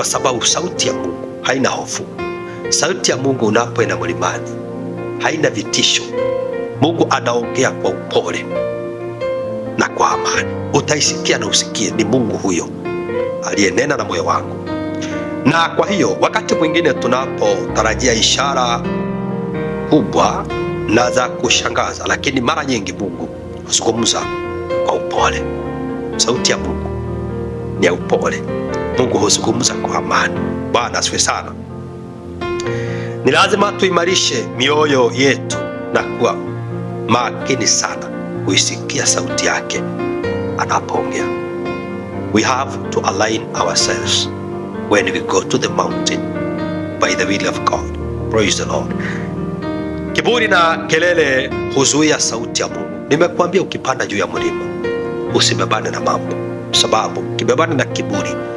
kwa sababu sauti ya Mungu haina hofu. Sauti ya Mungu unapoenda mlimani haina vitisho. Mungu anaongea kwa upole na kwa amani, utaisikia na usikie, ni Mungu huyo aliyenena na moyo wangu. Na kwa hiyo wakati mwingine tunapotarajia ishara kubwa na za kushangaza, lakini mara nyingi Mungu huzungumza kwa upole. Sauti ya Mungu ni ya upole. Mungu huzungumza kwa amani. Bwana asifiwe sana. Ni lazima tuimarishe mioyo yetu na kuwa makini sana kuisikia sauti yake anapoongea. We have to align ourselves when we go to the mountain by the will of God. Praise the Lord. Kiburi na kelele huzuia sauti ya Mungu. Nimekuambia ukipanda juu ya mlima usibebane na mambo sababu kimebanwa na kiburi.